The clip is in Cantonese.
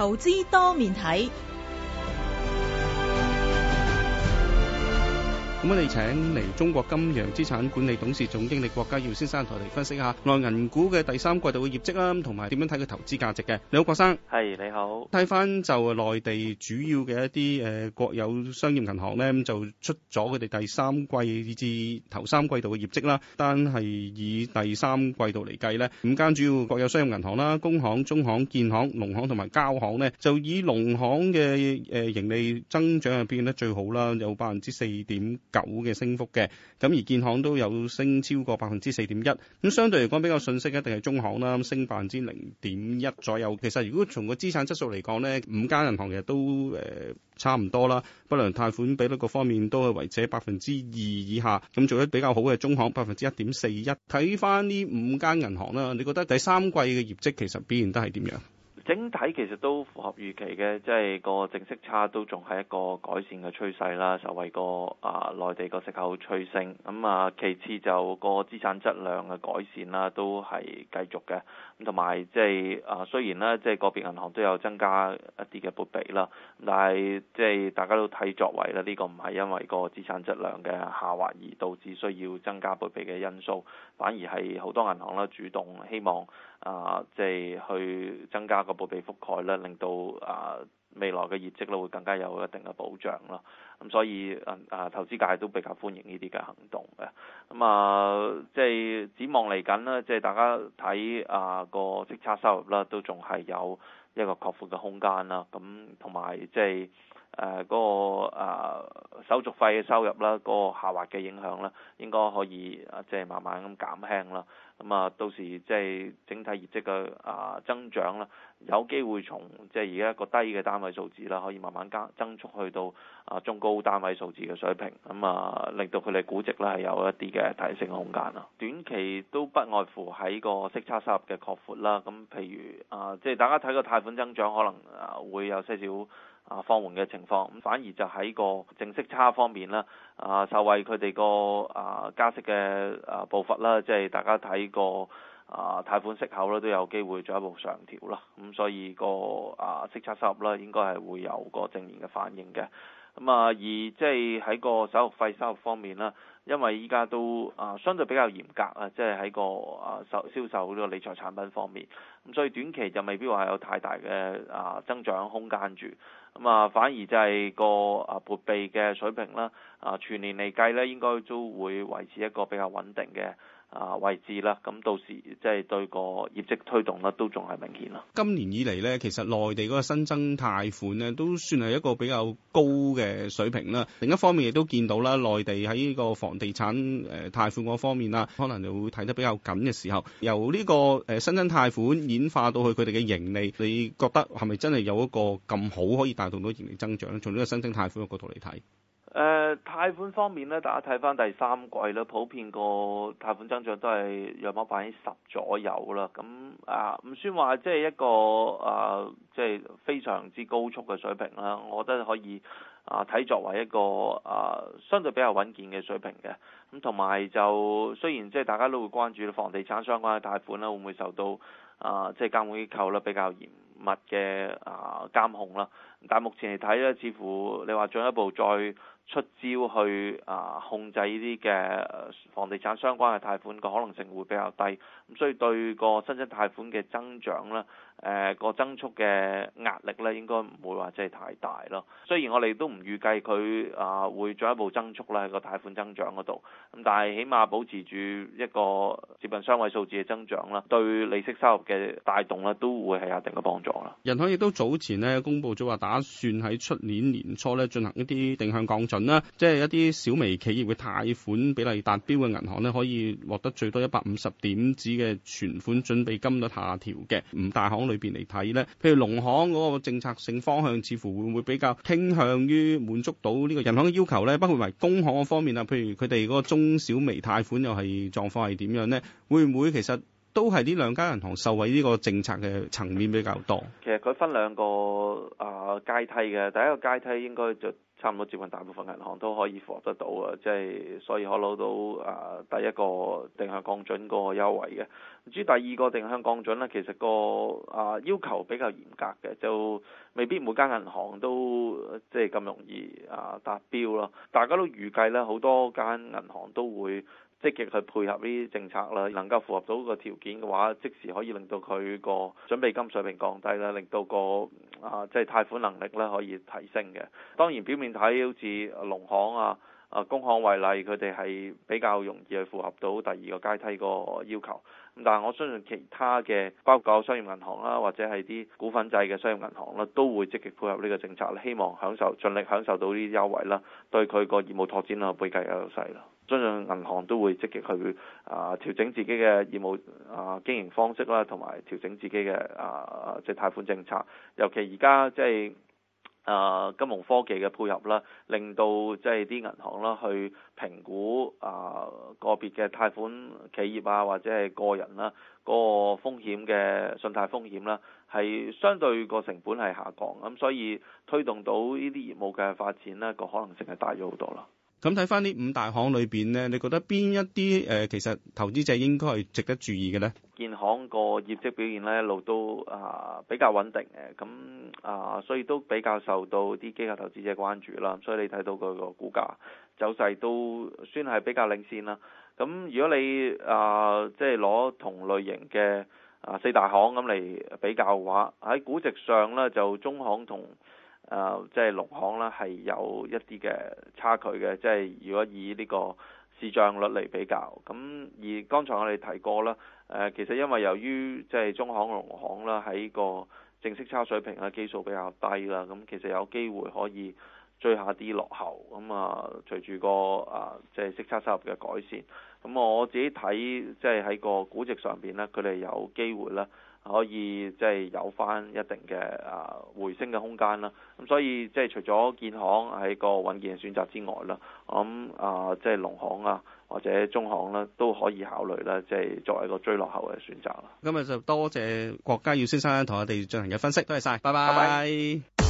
投資多面睇。咁你哋請嚟中國金洋資產管理董事總經理郭家耀先生同我哋分析下內銀股嘅第三季度嘅業績啦、啊，同埋點樣睇佢投資價值嘅。你好，郭生，係你好。睇返就內地主要嘅一啲誒、呃、國有商業銀行咧，咁就出咗佢哋第三季至頭三季度嘅業績啦。單係以第三季度嚟計咧，五間主要國有商業銀行啦，工行、中行、建行、農行同埋交行咧，就以農行嘅誒、呃、盈利增長係變得最好啦，有百分之四點。九嘅升幅嘅咁而建行都有升超過百分之四點一咁相對嚟講比較遜色一定係中行啦，升百分之零點一左右。其實如果從個資產質素嚟講咧，五間銀行其實都誒、呃、差唔多啦，不良貸款比率各方面都係維持喺百分之二以下咁做得比較好嘅中行百分之一點四一。睇翻呢五間銀行啦，你覺得第三季嘅業績其實表現得係點樣？整體其實都符合預期嘅，即係個淨息差都仲係一個改善嘅趨勢啦，受惠個啊內地個息口趨升，咁啊其次就個資產質量嘅改善啦，都係繼續嘅，咁同埋即係啊雖然咧即係個別銀行都有增加一啲嘅撥備啦，但係即係大家都睇作為咧，呢個唔係因為個資產質量嘅下滑而導致需要增加撥備嘅因素，反而係好多銀行啦主動希望啊即係去增加個。會被覆蓋咧，令到啊未來嘅業績咧會更加有一定嘅保障咯。咁、啊、所以啊啊，投資界都比較歡迎呢啲嘅行動嘅。咁啊，即係展望嚟緊咧，即係大家睇啊個息差收入咧，都仲係有一個擴闊嘅空間啦。咁同埋即係。誒嗰個手續費嘅收入啦，嗰、啊、個下滑嘅影響啦，應該可以即係、啊、慢慢咁減輕啦。咁啊，到時即係、啊、整體業績嘅啊增長啦，有機會從即係而家一個低嘅單位數字啦，可、啊、以慢慢加增速去到啊中高單位數字嘅水平。咁啊，令到佢哋估值咧係有一啲嘅提升空間啦、啊。短期都不外乎喺個息差收入嘅擴闊啦。咁、啊、譬、啊、如啊，即係大家睇個貸款增長，可能啊會有些少。啊，放緩嘅情況，咁反而就喺個正息差方面啦，啊受惠佢哋個啊加息嘅啊步伐啦，即係大家睇個啊貸款息口咧都有機會進一步上調啦，咁所以個啊息差收入啦應該係會有個正面嘅反應嘅。咁啊，而即係喺個手續費收入方面啦，因為依家都啊相對比較嚴格啊，即係喺個啊售銷售呢個理財產品方面，咁所以短期就未必話有太大嘅啊增長空間住。咁啊，反而就係個啊撥備嘅水平啦，啊全年嚟計咧，應該都會維持一個比較穩定嘅啊位置啦，咁到時即係對個業績推動咧都仲係明顯啦。今年以嚟咧，其實內地嗰個新增貸款咧都算係一個比較高嘅水平啦。另一方面亦都見到啦，內地喺呢個房地產誒貸款嗰方面啦，可能你會睇得比較緊嘅時候，由呢個誒新增貸款演化到去佢哋嘅盈利，你覺得係咪真係有一個咁好可以帶動到盈利增長咧？從呢個新增貸款嘅角度嚟睇。誒貸款方面咧，大家睇翻第三季咧，普遍個貸款增長都係約百分之十左右啦。咁啊唔算話即係一個啊、呃、即係非常之高速嘅水平啦。我覺得可以啊睇、呃、作為一個啊、呃、相對比較穩健嘅水平嘅。咁同埋就雖然即係大家都會關注房地產相關嘅貸款咧，會唔會受到啊、呃、即係監管機構啦比較嚴密嘅啊監控啦。但係目前嚟睇咧，似乎你話進一步再出招去啊，控制呢啲嘅房地產相關嘅貸款嘅可能性會比較低，咁所以對個新增貸款嘅增長咧。誒、呃個增速嘅壓力咧，應該唔會話真係太大咯。雖然我哋都唔預計佢啊、呃、會進一步增速啦，個貸款增長嗰度，咁但係起碼保持住一個接近雙位數字嘅增長啦，對利息收入嘅帶動咧，都會係有一定嘅幫助啦。人行亦都早前咧，公布咗話打算喺出年年初咧進行一啲定向降準啦，即係一啲小微企業嘅貸款比例達標嘅銀行咧，可以獲得最多一百五十點子嘅存款準備金率下調嘅，五大行。裏邊嚟睇咧，譬如農行嗰個政策性方向，似乎會唔會比較傾向於滿足到呢個銀行嘅要求咧？包括埋工行嗰方面啊，譬如佢哋嗰個中小微貸款又係狀況係點樣咧？會唔會其實都係呢兩家銀行受惠呢個政策嘅層面比較多？其實佢分兩個啊階梯嘅，第一個階梯應該就。差唔多接近大部分銀行都可以符合得到啊，即係所以可攞到啊第一個定向降準嗰個優惠嘅。至於第二個定向降準呢，其實個啊要求比較嚴格嘅，就未必每間銀行都即係咁容易啊達標咯。大家都預計呢，好多間銀行都會。積極去配合呢啲政策啦，能夠符合到個條件嘅話，即時可以令到佢個準備金水平降低啦，令到、個啊即係、就是、貸款能力咧可以提升嘅。當然表面睇好似農行啊，啊，工行為例，佢哋係比較容易去符合到第二個階梯個要求。咁但係我相信其他嘅，包括商業銀行啦，或者係啲股份制嘅商業銀行啦，都會積極配合呢個政策，希望享受盡力享受到呢啲優惠啦，對佢個業務拓展啊背計有勢啦。相信銀行都會積極去啊調整自己嘅業務啊經營方式啦，同埋調整自己嘅啊即係貸款政策。尤其而家即係。誒、啊、金融科技嘅配合啦，令到即係啲銀行啦去評估啊個別嘅貸款企業啊或者係個人啦、啊、嗰個風險嘅信貸風險啦，係相對個成本係下降，咁所以推動到呢啲業務嘅發展咧、個可能性係大咗好多啦。咁睇翻呢五大行裏邊呢，你覺得邊一啲誒、呃、其實投資者應該係值得注意嘅呢？建行個業績表現呢，一路都啊、呃、比較穩定嘅，咁啊、呃、所以都比較受到啲機構投資者關注啦。所以你睇到佢個股價走勢都算係比較領先啦。咁如果你啊、呃、即係攞同類型嘅啊四大行咁嚟比較嘅話，喺估值上呢，就中行同，啊，即係農行啦，係有一啲嘅差距嘅，即係如果以呢個市賬率嚟比較，咁而剛才我哋提過啦，誒，其實因為由於即係中行、農行啦，喺個淨息差水平啊基數比較低啦，咁其實有機會可以追下啲落後，咁啊，隨住個啊即係息差收入嘅改善，咁我自己睇即係喺個估值上邊呢，佢哋有機會啦。可以即係有翻一定嘅啊回升嘅空間啦，咁所以即係除咗建行喺個穩健選擇之外啦，咁啊即係農行啊或者中行啦都可以考慮啦，即係作為一個最落後嘅選擇啦。今日就多謝郭家耀先生同我哋進行嘅分析，多謝曬，拜拜。Bye bye. Bye bye.